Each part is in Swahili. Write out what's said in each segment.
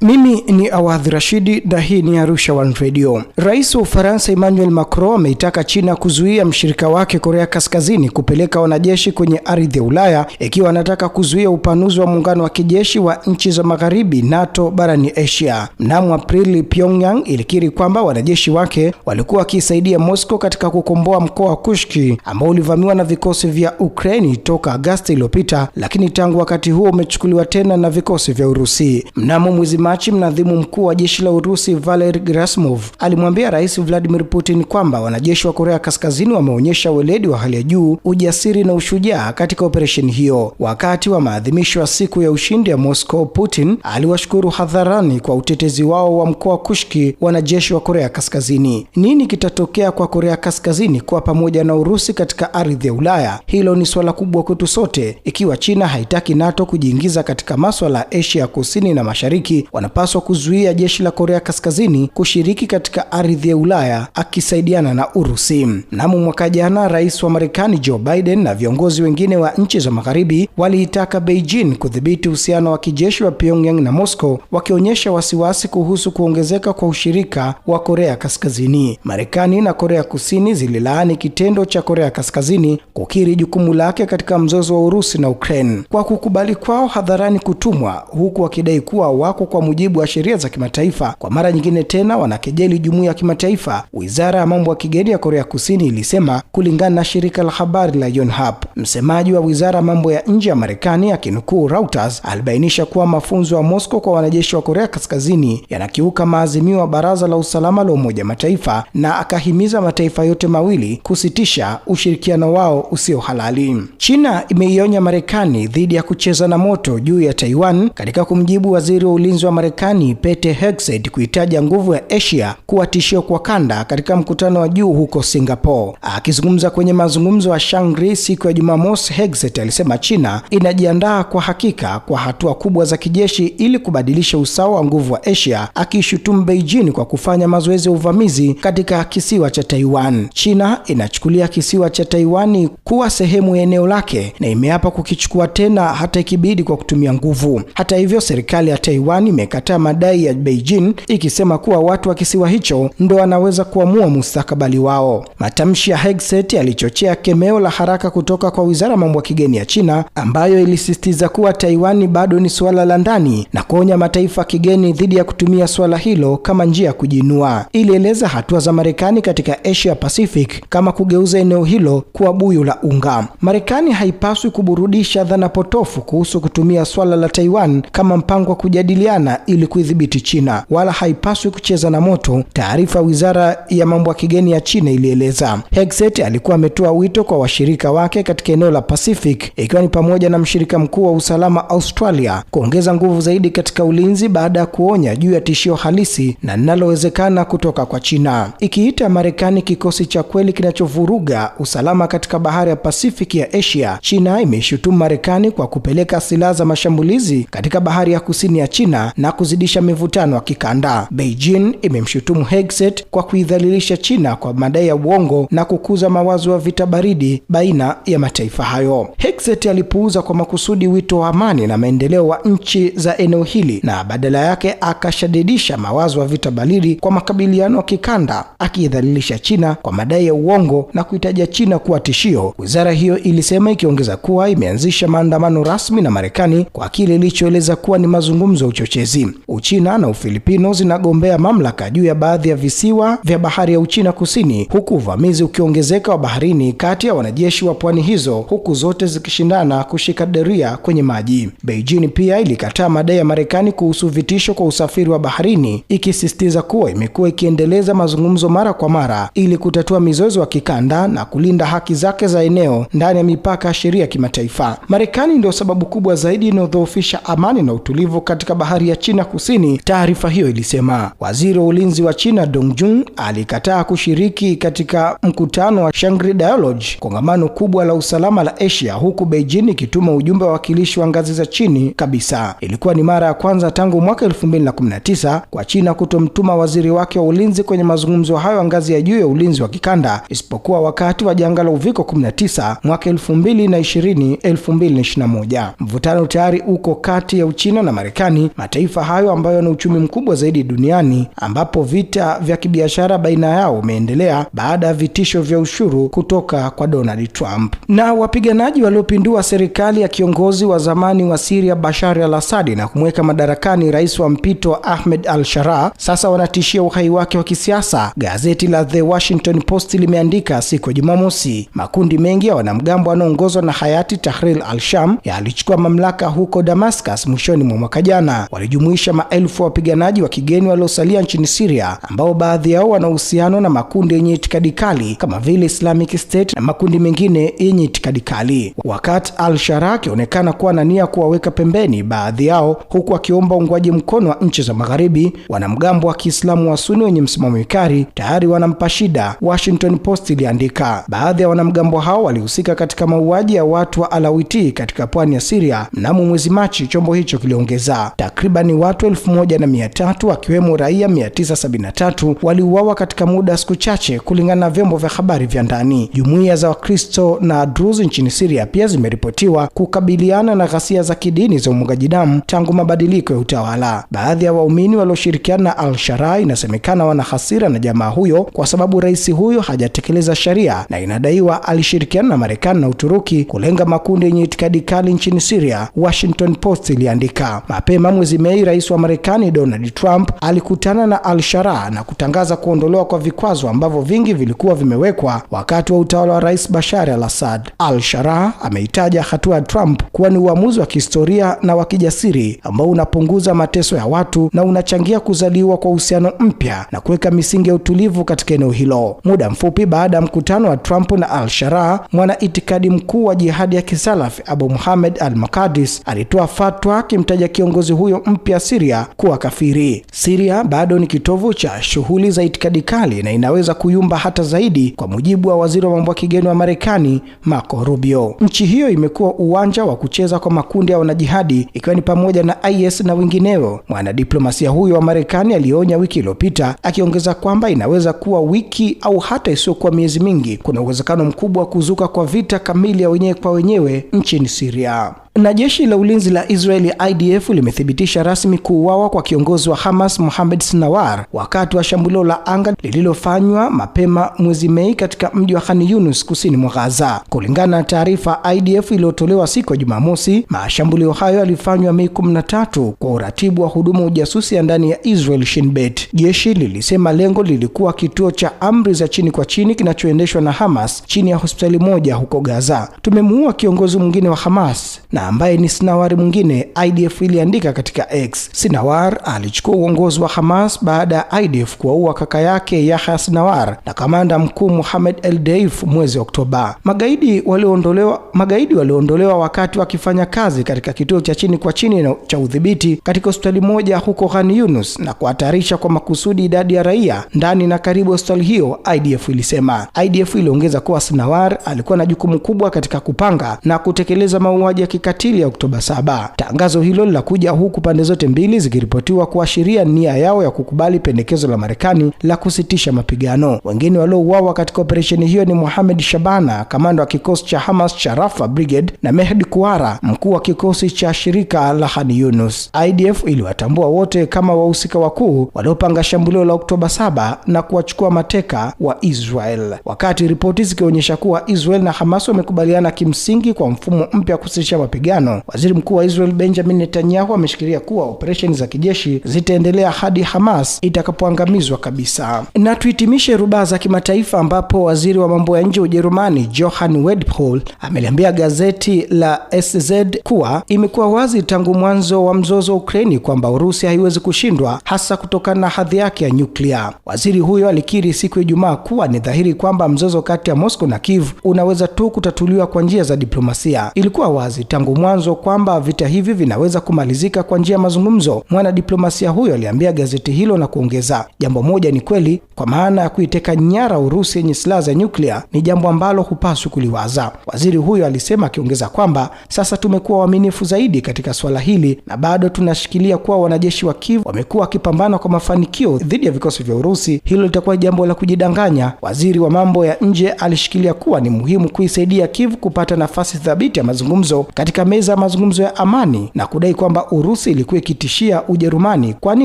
Mimi ni Awadhi Rashidi na hii ni Arusha One Radio. Rais wa Ufaransa Emmanuel Macron ameitaka China kuzuia mshirika wake Korea Kaskazini kupeleka wanajeshi kwenye ardhi ya Ulaya ikiwa anataka kuzuia upanuzi wa muungano wa kijeshi wa nchi za magharibi NATO barani Asia. Mnamo Aprili, Pyongyang ilikiri kwamba wanajeshi wake walikuwa wakiisaidia Moscow katika kukomboa mkoa wa Kushki ambao ulivamiwa na vikosi vya Ukraini toka Agasti iliyopita, lakini tangu wakati huo umechukuliwa tena na vikosi vya Urusi. Mnamo mwezi Machi, mnadhimu mkuu wa jeshi la Urusi Valery Gerasimov alimwambia Rais Vladimir Putin kwamba wanajeshi wa Korea Kaskazini wameonyesha weledi wa hali ya juu, ujasiri na ushujaa katika operesheni hiyo. Wakati wa maadhimisho ya siku ya ushindi ya Moscow, Putin aliwashukuru hadharani kwa utetezi wao wa mkoa wa Kushki wanajeshi wa Korea Kaskazini. Nini kitatokea kwa Korea Kaskazini kuwa pamoja na Urusi katika ardhi ya Ulaya? Hilo ni swala kubwa kwetu sote. Ikiwa China haitaki NATO kujiingiza katika maswala ya Asia ya Kusini na Mashariki, wanapaswa kuzu kuzuia jeshi la Korea Kaskazini kushiriki katika ardhi ya Ulaya akisaidiana na Urusi. Mnamo mwaka jana, rais wa Marekani Joe Biden na viongozi wengine wa nchi za magharibi waliitaka Beijing kudhibiti uhusiano wa kijeshi wa Pyongyang na Moscow, wakionyesha wasiwasi kuhusu kuongezeka kwa ushirika wa Korea Kaskazini. Marekani na Korea Kusini zililaani kitendo cha Korea Kaskazini kukiri jukumu lake katika mzozo wa Urusi na Ukraine kwa kukubali kwao hadharani kutumwa, huku wakidai kuwa wako kwa mujibu wa sheria za kimataifa kwa mara nyingine tena wanakejeli jumuiya ya kimataifa. Wizara ya mambo ya kigeni ya Korea Kusini ilisema kulingana na shirika la habari la Yonhap. Msemaji wa wizara ya mambo ya nje ya Marekani akinukuu Reuters alibainisha kuwa mafunzo ya Moscow kwa wanajeshi wa Korea Kaskazini yanakiuka maazimio ya Baraza la Usalama la Umoja Mataifa na akahimiza mataifa yote mawili kusitisha ushirikiano wao usio halali. China imeionya Marekani dhidi ya kucheza na moto juu ya Taiwan katika kumjibu waziri wa ulinzi wa Marekani Pete Hegseth kuitaja nguvu ya Asia kuwa tishio kwa kanda katika mkutano wa juu huko Singapore. Akizungumza kwenye mazungumzo ya Shangri siku ya Jumamosi, Hegseth alisema China inajiandaa kwa hakika kwa hatua kubwa za kijeshi ili kubadilisha usawa wa nguvu wa Asia, akishutumu Beijing kwa kufanya mazoezi ya uvamizi katika kisiwa cha Taiwan. China inachukulia kisiwa cha Taiwani kuwa sehemu ya eneo lake na imeapa kukichukua tena hata ikibidi kwa kutumia nguvu. Hata hivyo, serikali ya Taiwan imekataa madai serikali ya Beijing ikisema kuwa watu wa kisiwa hicho ndo wanaweza kuamua mustakabali wao. Matamshi ya Hegseth yalichochea kemeo la haraka kutoka kwa Wizara ya Mambo ya Kigeni ya China ambayo ilisisitiza kuwa Taiwan bado ni suala la ndani na kuonya mataifa kigeni dhidi ya kutumia suala hilo kama njia ya kujinua. Ilieleza hatua za Marekani katika Asia Pacific kama kugeuza eneo hilo kuwa buyu la unga. Marekani haipaswi kuburudisha dhana potofu kuhusu kutumia swala la Taiwan kama mpango wa kujadiliana ili kuidhibiti kuidhibiti China wala haipaswi kucheza na moto, taarifa wizara ya mambo ya kigeni ya China ilieleza. Hegseth alikuwa ametoa wito kwa washirika wake katika eneo la Pacific, ikiwa ni pamoja na mshirika mkuu wa usalama Australia, kuongeza nguvu zaidi katika ulinzi baada ya kuonya juu ya tishio halisi na linalowezekana kutoka kwa China, ikiita Marekani kikosi cha kweli kinachovuruga usalama katika bahari ya Pacific ya Asia. China imeishutumu Marekani kwa kupeleka silaha za mashambulizi katika bahari ya kusini ya China na kuzidisha mivutano ya kikanda. Beijing imemshutumu Hexet kwa kuidhalilisha China kwa madai ya uongo na kukuza mawazo ya vita baridi baina ya mataifa hayo. Hexet alipuuza kwa makusudi wito wa amani na maendeleo wa nchi za eneo hili na badala yake akashadidisha mawazo ya vita baridi kwa makabiliano ya kikanda, akiidhalilisha China kwa madai ya uongo na kuitaja China kuwa tishio. Wizara hiyo ilisema ikiongeza kuwa imeanzisha maandamano rasmi na Marekani kwa kile ilichoeleza kuwa ni mazungumzo ya uchochezi. Uchina Uchina na Ufilipino zinagombea mamlaka juu ya baadhi ya visiwa vya bahari ya Uchina Kusini, huku uvamizi ukiongezeka wa baharini kati ya wanajeshi wa pwani hizo, huku zote zikishindana kushika doria kwenye maji. Beijing pia ilikataa madai ya Marekani kuhusu vitisho kwa usafiri wa baharini, ikisisitiza kuwa imekuwa ikiendeleza mazungumzo mara kwa mara ili kutatua mizozo wa kikanda na kulinda haki zake za eneo ndani ya mipaka ya sheria ya kimataifa. Marekani ndio sababu kubwa zaidi inayodhoofisha amani na utulivu katika bahari ya China Kusini Kusini. Taarifa hiyo ilisema waziri wa ulinzi wa China Dong Jun alikataa kushiriki katika mkutano wa Shangri Dialogue, kongamano kubwa la usalama la Asia, huku Beijing ikituma ujumbe wa wakilishi wa ngazi za chini kabisa. Ilikuwa ni mara ya kwanza tangu mwaka 2019 kwa China kutomtuma waziri wake wa ulinzi kwenye mazungumzo hayo ya ngazi ya juu ya ulinzi wa kikanda, isipokuwa wakati wa janga la uviko 19 mwaka 2020 2021. Mvutano tayari uko kati ya Uchina na Marekani, mataifa hayo ambayo ambayo ni uchumi mkubwa zaidi duniani ambapo vita vya kibiashara baina yao umeendelea baada ya vitisho vya ushuru kutoka kwa Donald Trump. Na wapiganaji waliopindua serikali ya kiongozi wa zamani wa Syria Bashar al-Assad na kumweka madarakani rais wa mpito Ahmed al-Sharaa sasa wanatishia uhai wake wa kisiasa. Gazeti la The Washington Post limeandika siku ya Jumamosi, makundi mengi ya wanamgambo wanaoongozwa na hayati Tahrir al-Sham yalichukua mamlaka huko Damascus mwishoni mwa mwaka jana, walijumuisha maelfu elfu wapiganaji wa kigeni waliosalia nchini Syria ambao baadhi yao wana uhusiano na makundi yenye itikadi kali kama vile Islamic State na makundi mengine yenye itikadi kali. Wakati al-Sharaa akionekana kuwa na nia kuwaweka pembeni baadhi yao, huku akiomba uungwaji mkono wa nchi za magharibi, wanamgambo wa Kiislamu wa Sunni wenye msimamo mikali tayari wanampa shida, Washington Post iliandika. Baadhi ya wanamgambo hao walihusika katika mauaji ya watu wa Alawiti katika pwani ya Syria mnamo mwezi Machi, chombo hicho kiliongeza. Takribani watu elfu moja na mia tatu akiwemo raia 973 waliuawa katika muda siku chache, kulingana na vyombo vya habari vya ndani. Jumuiya za Wakristo na Druzi nchini siria pia zimeripotiwa kukabiliana na ghasia za kidini za umwagaji damu tangu mabadiliko ya utawala. Baadhi ya waumini walioshirikiana na Al-Sharaa inasemekana wana hasira na jamaa huyo kwa sababu rais huyo hajatekeleza sheria na inadaiwa alishirikiana na Marekani na Uturuki kulenga makundi yenye itikadi kali nchini Siria, Washington Post iliandika. Mapema mwezi Mei, rais wa Marekani Marekani Donald Trump alikutana na al shara na kutangaza kuondolewa kwa vikwazo ambavyo vingi vilikuwa vimewekwa wakati wa utawala wa Rais Bashar al-Assad. al shara ameitaja hatua ya Trump kuwa ni uamuzi wa kihistoria na wa kijasiri ambao unapunguza mateso ya watu na unachangia kuzaliwa kwa uhusiano mpya na kuweka misingi ya utulivu katika eneo hilo. Muda mfupi baada ya mkutano wa Trump na al shara mwana itikadi mkuu wa jihadi ya Kisalafi Abu Muhammad al makadis alitoa fatwa akimtaja kiongozi huyo mpya Syria kuwa kafiri. Siria bado ni kitovu cha shughuli za itikadi kali na inaweza kuyumba hata zaidi, kwa mujibu wa waziri wa mambo ya kigeni wa Marekani Marco Rubio. Nchi hiyo imekuwa uwanja wa kucheza kwa makundi ya wanajihadi ikiwa ni pamoja na IS na wengineo. Mwanadiplomasia huyo wa Marekani alionya wiki iliyopita, akiongeza kwamba inaweza kuwa wiki au hata isiyokuwa miezi mingi, kuna uwezekano mkubwa wa kuzuka kwa vita kamili ya wenyewe kwa wenyewe nchini Siria. Na jeshi la ulinzi la Israeli IDF limethibitisha rasmi kuuawa kwa kiongozi wa Hamas Mohamed Sinawar wakati wa shambulio la anga lililofanywa mapema mwezi Mei katika mji wa Khan Yunus kusini mwa Gaza. Kulingana na taarifa IDF iliyotolewa siku ya Jumamosi, mashambulio hayo yalifanywa Mei 13 kwa uratibu wa huduma ujasusi ya ndani ya Israel Shin Bet. Jeshi lilisema lengo lilikuwa kituo cha amri za chini kwa chini kinachoendeshwa na Hamas chini ya hospitali moja huko Gaza. Tumemuua kiongozi mwingine wa Hamas na ambaye ni Sinawar mwingine, IDF iliandika katika X. Sinawar alichukua uongozi wa Hamas baada ya IDF kuwaua kaka yake Yahya Sinawar na kamanda mkuu Muhammad El Deif mwezi Oktoba. Magaidi walioondolewa magaidi walioondolewa wakati wakifanya kazi katika kituo cha chini kwa chini cha udhibiti katika hospitali moja huko Khan Yunus na kuhatarisha kwa makusudi idadi ya raia ndani na karibu hospitali hiyo, IDF ilisema. IDF iliongeza kuwa Sinawar alikuwa na jukumu kubwa katika kupanga na kutekeleza mauaji ya kikatili ya Oktoba 7. Tangazo hilo linakuja huku pande zote mbili zikiripotiwa kuashiria nia yao ya kukubali pendekezo la Marekani la kusitisha mapigano. Wengine waliouawa katika operesheni hiyo ni Mohamed Shabana, kamanda wa kikosi cha Hamas cha Rafa Brigade na Mehdi Kuara, mkuu wa kikosi cha shirika la Khan Yunus. IDF iliwatambua wote kama wahusika wakuu waliopanga shambulio la Oktoba 7 na kuwachukua mateka wa Israel. Wakati ripoti zikionyesha kuwa Israel na Hamas wamekubaliana kimsingi kwa mfumo mpya wa kusitisha mapigano. Waziri mkuu wa Israel Benjamin Netanyahu ameshikilia kuwa operesheni za kijeshi zitaendelea hadi Hamas itakapoangamizwa kabisa. Na tuhitimishe rubaa za kimataifa, ambapo waziri wa mambo ya nje wa Ujerumani Johann Wedpol ameliambia gazeti la SZ kuwa imekuwa wazi tangu mwanzo wa mzozo wa Ukraini kwamba Urusi haiwezi kushindwa, hasa kutokana na hadhi yake ya nyuklia. Waziri huyo alikiri siku ya Ijumaa kuwa ni dhahiri kwamba mzozo kati ya Moscow na Kiev unaweza tu kutatuliwa kwa njia za diplomasia. Ilikuwa wazi tangu mwanzo kwamba vita hivi vinaweza kumalizika kwa njia ya mazungumzo. Mwanadiplomasia huyo aliambia gazeti hilo na kuongeza, jambo moja ni kweli, kwa maana ya kuiteka nyara Urusi yenye silaha za nyuklia ni jambo ambalo hupaswi kuliwaza. Waziri huyo alisema, akiongeza kwamba sasa tumekuwa waaminifu zaidi katika swala hili na bado tunashikilia kuwa wanajeshi wa Kiev wamekuwa wakipambana kwa mafanikio dhidi ya vikosi vya Urusi. Hilo litakuwa jambo la kujidanganya. Waziri wa mambo ya nje alishikilia kuwa ni muhimu kuisaidia Kiev kupata nafasi thabiti ya mazungumzo katika meza ya mazungumzo ya amani na kudai kwamba Urusi ilikuwa ikitishia Ujerumani kwani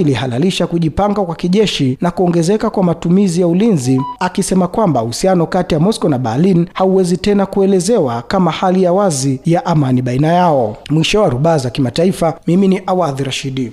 ilihalalisha kujipanga kwa kijeshi na kuongezeka kwa matumizi ya ulinzi, akisema kwamba uhusiano kati ya Moscow na Berlin hauwezi tena kuelezewa kama hali ya wazi ya amani baina yao. Mwisho wa rubaa za kimataifa. Mimi ni Awadhi Rashidi.